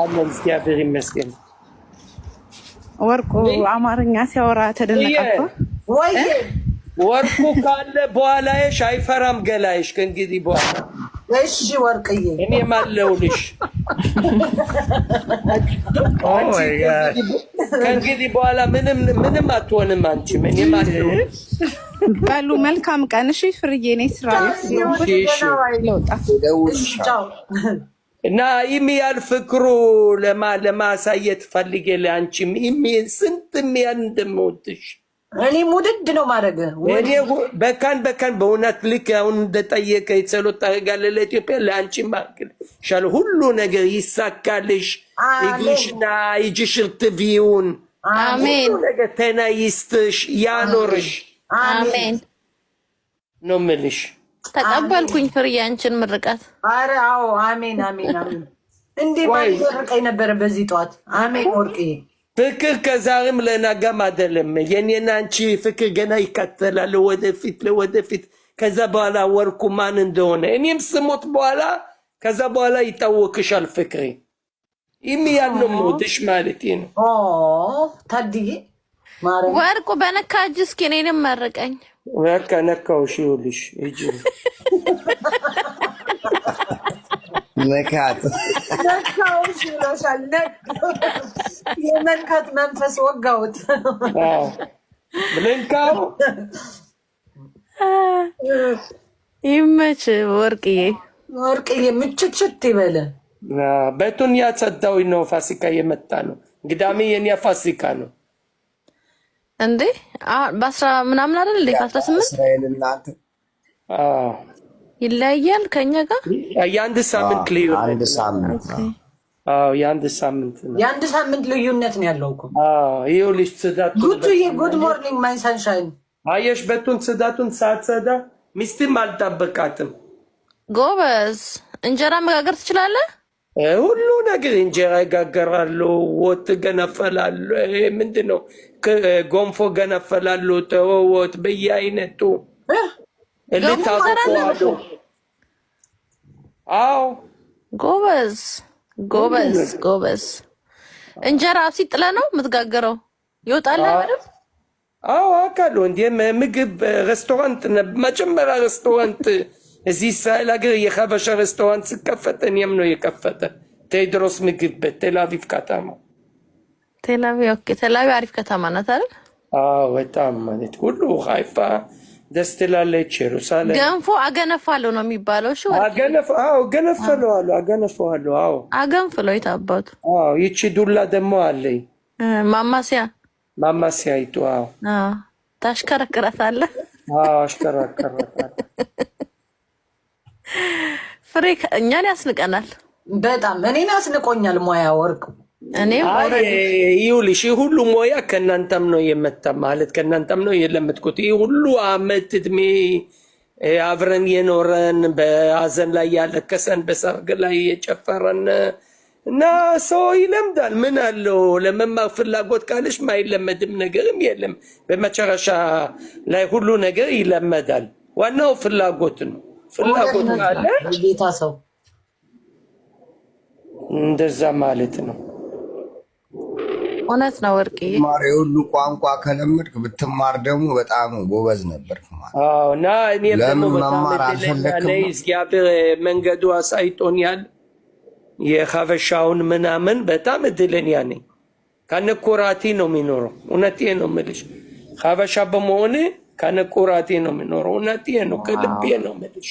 አለን። እግዚአብሔር ይመስገን። ወርቁ አማርኛ ሲያወራ ተደነቃቸው። ወርቁ ካለ በኋላሽ አይፈራም ገላይሽ። ከእንግዲህ በኋላ እሺ ወርቅዬ፣ ከእንግዲህ በኋላ ምንም ምንም አትሆንም በሉ መልካም ቀን። እሺ ፍርዬ፣ እኔ ስራ እና ኢሚያል ፍቅሩ ለማሳየት ፈልጌ ለአንቺ ኢሚ ስንት ሚያል እንደምወድሽ እኔም ውድድ ነው ማድረግ እኔ በካን በካን በእውነት ልክ አሁን እንደጠየቀ የጸሎት ታደርጋለህ ለኢትዮጵያ ለአንቺ ማክል ይሻል ሁሉ ነገር ይሳካልሽ። እጅሽና እጅሽ ትቪውን አሜን ነገር ቴና ያኖርሽ። አሜን ነው የምልሽ። ተቀበልኩኝ ፍርዬ አንቺን ምርቃት። ኧረ አዎ፣ አሜን አሜን አሜን። እንዴ ባይወርቀኝ ነበረ በዚህ ጠዋት። አሜን ወርቄ ፍቅር ከዛሬም ለነገም አይደለም። የኔና አንቺ ፍቅር ገና ይከተላል ወደፊት ለወደፊት። ከዛ በኋላ ወርቁ ማን እንደሆነ እኔም ስሞት በኋላ ከዛ በኋላ ይታወቅሻል ፍቅሬ። ይህም ያለው ሞትሽ ማለት ነው። ታድዬ ወርቁ በነካጅ እስኪ እኔንም መርቀኝ በቃ ነካው። ይኸውልሽ፣ ሂጂ ነካት ነካው። እሺ ይላሻል። የመንካት መንፈስ ወጋውት ብለንካው። ይመች ወርቅዬ፣ ወርቅዬ ምችችት ይበለ። ቤቱን ያጸዳው ነው። ፋሲካ የመጣ ነው። ግዳሜ የኔ ፋሲካ ነው። እንዴ በአስራ ምናምን አይደል እንዴ ከአስራ ስምንት ይለያያል ከኛ ጋር የአንድ ሳምንት ሳምንት የአንድ ሳምንት የአንድ ሳምንት ልዩነት ነው ያለው እኮ ይኸው ልጅ ጽዳቱ ጉቱዬ ጉድ ሞርኒንግ ማይ ሰንሻይን አየሽ በቱን ጽዳቱን ሳትጸዳ ሚስትም አልጣበቃትም ጎበዝ እንጀራ መጋገር ትችላለህ ሁሉ ነገር እንጀራ ይጋገራሉ፣ ወጥ ገነፈላሉ። ምንድን ነው ጎንፎ ገነፈላሉ፣ ተወወጥ በየአይነቱ ልታቆቁዋሉ። አዎ ጎበዝ ጎበዝ ጎበዝ። እንጀራ አብሲት ጥለ ነው የምትጋገረው፣ ይወጣል አይደል? አዎ አካሉ እንዲ ምግብ ሬስቶራንት መጀመሪያ ሬስቶራንት እዚህ እስራኤል ሀገር የሀበሻ ሬስቶራንት ስከፈተ እኔም ነው የከፈተ። ቴድሮስ ምግብ ቤት ቴልአቪቭ ከተማ። ቴልአቪቭ አሪፍ ከተማ ናት አይደል? አዎ በጣም ማለት ሁሉ ሀይፋ ደስ ትላለች። ኢየሩሳሌም ገንፎ አገነፋለሁ ነው የሚባለው። እሺ አገነፍ አዎ ገነፈለው አገነፈዋለሁ። አዎ አገንፍለው የታባቱ። አዎ ይቺ ዱላ ደግሞ አለኝ ማማሲያ ማማሲያ ይቱ አዎ አዎ ታሽከረክራታለህ። አዎ አሽከረክራታለሁ ፍሬ እኛን ያስንቀናል በጣም እኔን ያስንቆኛል። ሞያ ወርቅ እኔም ይኸውልሽ፣ ሁሉ ሞያ ከእናንተም ነው የመጣ ማለት ከእናንተም ነው የለመድኩት። ይህ ሁሉ አመት እድሜ አብረን የኖረን በሀዘን ላይ ያለቀሰን በሰርግ ላይ የጨፈረን እና ሰው ይለምዳል። ምን አለው ለመማር ፍላጎት ካለሽ ማይለመድም ነገርም የለም። በመጨረሻ ላይ ሁሉ ነገር ይለመዳል። ዋናው ፍላጎት ነው። ፍላጎት ካለ ጌታ ሰው እንደዛ ማለት ነው። እውነት ነው ወርቅዬ፣ ማር የሁሉ ቋንቋ ከለመድክ ብትማር ደግሞ በጣም ጎበዝ ነበር እና እግዚአብሔር መንገዱ አሳይቶኛል። የሀበሻውን ምናምን በጣም እድለኛ ነኝ። ከነ ነው የሚኖረው። እውነቴ ነው የምልሽ ሀበሻ በመሆኔ ከንቁራቴ ነው የምኖረው። እውነቴ ነው፣ ከልቤ ነው የምልሽ።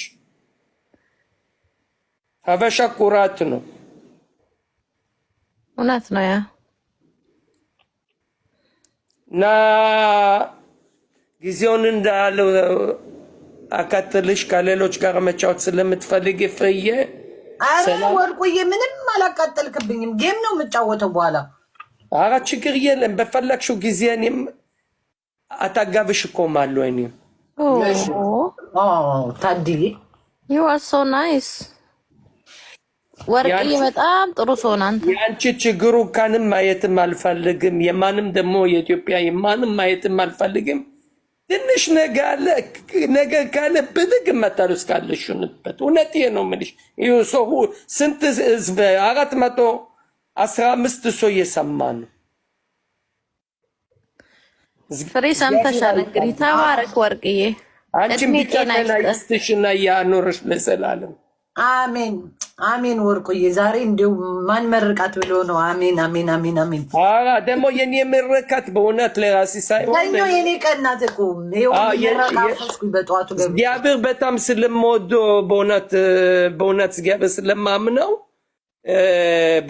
ሀበሻ ኩራት ነው። እውነት ነው። ያ እና ጊዜውን እንዳለ አካትልሽ ከሌሎች ጋር መጫወት ስለምትፈልግ ፍርዬ። አረ ወርቁዬ፣ ምንም አላቃጠልክብኝም። ጌም ነው የምጫወተው በኋላ። አረ ችግር የለም፣ በፈለግሽው ጊዜ እኔም አጠገብሽ እኮ አሉ። እኔም ታድዬ ዩ አር ሶ ናይስ ወርቅዬ፣ በጣም ጥሩ ሰው ነህ አንተ። የአንቺ ችግሩ ካንም ማየትም አልፈልግም። የማንም ደግሞ የኢትዮጵያ የማንም ማየትም አልፈልግም። ትንሽ ነገ ካለ ብድግ መታሉ እስካለሽ ሆንበት። ነው የምልሽ። ሰው ስንት ህዝብ አራት መቶ አስራ አምስት ሰው እየሰማ ነው ፍሬ ሰምተሻል። እንግዲህ ተባረክ ወርቅዬ፣ አንቺም ብቻ ከናይስትሽ እና ያኖርሽ ለዘላለም አሜን አሜን። ወርቁዬ ዛሬ እንዲሁ ማን መርቃት ብሎ ነው? አሜን አሜን አሜን አሜን። ደግሞ የኔ መረቃት በእውነት ለራሴ ሳይሆን የኔ ቀናት እኮ በጠዋቱ እግዚአብሔር በጣም ስለምወዶ በእውነት በእውነት እግዚአብሔር ስለማምነው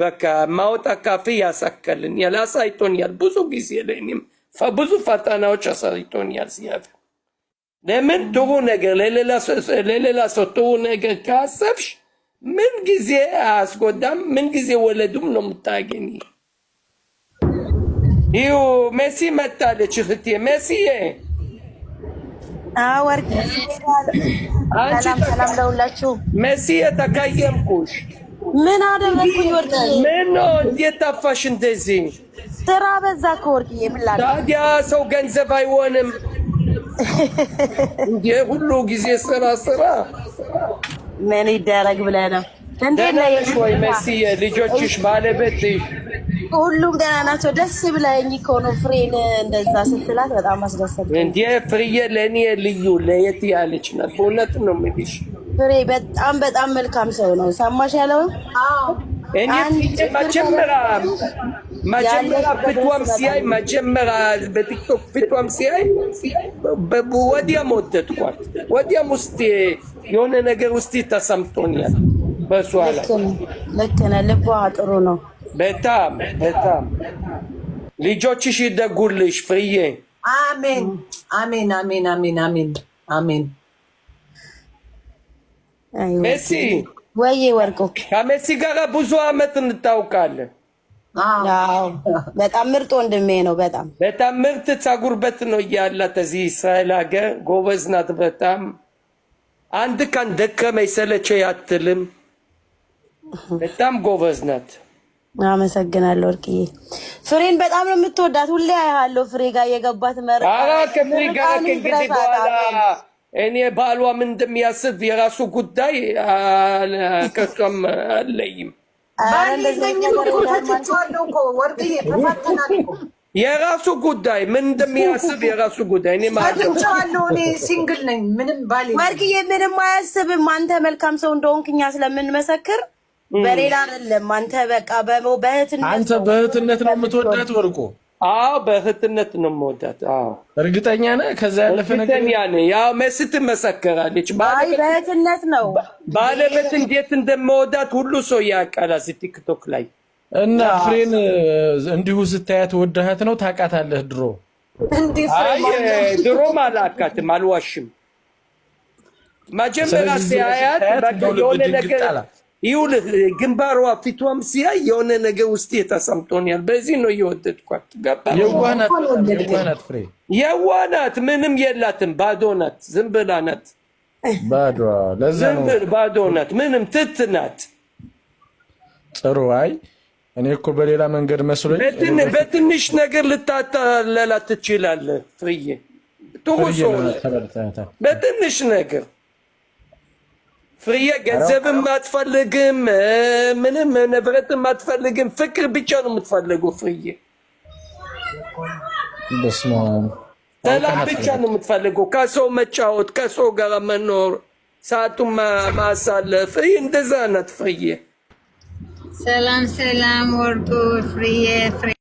በቃ ማወጣ ካፌ ያሳከልን ያላሳይቶን ያል ብዙ ጊዜ ለእኔም ብዙ ፈተናዎች አሳይቶኛል። እግዚአብሔር ለምን ጥሩ ነገር ለሌላ ሰው ጥሩ ነገር ካሰብሽ ምን ጊዜ አያስጎዳም፣ ምን ጊዜ ወለዱም ነው የምታገኝ። ይኸው መሲ መታለች እህቴ መሲዬ። ወርቅ ሰላም ለሁላችሁ። መሲዬ ተቀየምኩሽ። ምን አደረግኩኝ? ወርቅ ምን ነው እንዴት ጠፋሽ እንደዚህ? ስራ በዛ ከወርቅዬ ምን ታዲያ። ሰው ገንዘብ አይሆንም እንዴ? ሁሉ ጊዜ ስራ ስራ። ምን ይደረግ ብለህ ነው እንዴ? ወይ መስዬ ልጆችሽ፣ ባለቤትሽ ሁሉም ገና ናቸው። ደስ ብላኝ እኮ ፍሬን እንደዛ ስትላት በጣም አስደሰት። እንዴ ፍሬዬ ለእኔ ልዩ ለየት ያለች ናት። በእውነት ነው የምልሽ ፍሬ በጣም በጣም መልካም ሰው ነው። ሰማሽ ያለው እኔ መጀመሪያ መጀመሪያ ፊቷም ሲያይ መጀመሪያ በቲክቶክ ፊቷም ሲያይ ወዲያ ሞተትኳት። ወዲያም ውስጥ የሆነ ነገር ውስጥ ተሰምቶኛል። በእሷ ልክ ነህ። ልቧ ጥሩ ነው። በጣም በጣም ልጆችሽ ይደጉልሽ ፍርዬ። አሜን አሜን አሜን አሜን አሜን አሜን። ሜሲ ወይ ወርቁ ከሜሲ ጋር ብዙ አመት እንታውቃለን። በጣም ምርጥ ወንድሜ ነው። በጣም በጣም ምርጥ ጸጉርበት ነው እያላት እዚህ እስራኤል ሀገር ጎበዝ ናት። በጣም አንድ ቀን ደከመኝ ሰለቸኝ አትልም። በጣም ጎበዝ ናት። አመሰግናለሁ ወርቅዬ። ፍሬን በጣም ነው የምትወዳት። ሁሌ ያለው ፍሬ ጋር የገባት መረ ከፍሬ ጋር እንግዲህ በኋላ እኔ ባሏ ምን እንደሚያስብ የራሱ ጉዳይ ከሷም አለይም የራሱ ጉዳይ ምን እንደሚያስብ የራሱ ጉዳይ። እኔ ሲንግል ነኝ። ምንም ባል ወርቅዬ፣ ምንም አያስብም። አንተ መልካም ሰው እንደሆንክ እኛ ስለምንመሰክር በሌላ አይደለም። አንተ በቃ በእህትነት አንተ በእህትነት ነው የምትወዳት ወርቁ አዎ በእህትነት ነው የምወዳት። እርግጠኛ ነህ? ከዛ ያለፈ ነገር እርግጠኛ ነህ? ያው መስት መሰከራለች። በእህትነት ነው ባለቤት እንዴት እንደምወዳት ሁሉ ሰው ያውቃል። እዚህ ቲክቶክ ላይ እና ፍሬን እንዲሁ ስታያት ወዳሃት ነው ታውቃታለህ? ድሮ ድሮም አላውቃትም፣ አልዋሽም። መጀመሪያ ሲያያት የሆነ ነገር ይኸውልህ ግንባሯ ፊቷም ሲያይ የሆነ ነገር ውስጤ ተሰምቶኛል። በዚህ ነው እየወደድኳት። ገባህ? የዋህ ናት፣ ምንም የላትም፣ ባዶ ናት፣ ዝም ብላ ናት፣ ባዶ ናት፣ ምንም ትት ናት። ጥሩ። አይ እኔ እኮ በሌላ መንገድ መስሎኝ በትንሽ ነገር ልታታለላት ትችላለህ። ፍዬ ጥሩ ሰው በትንሽ ነገር ፍርዬ ገንዘብም አትፈልግም፣ ምንም ንብረትም አትፈልግም። ፍቅር ብቻ ነው የምትፈልገው ፍርዬ። ሰላም ብቻ ነው የምትፈልገው፣ ከሰው መጫወት፣ ከሰው ጋር መኖር፣ ሰዓቱን ማሳለፍ። እንደዛ ናት ፍርዬ። ሰላም ሰላም፣ ወርቁ ፍርዬ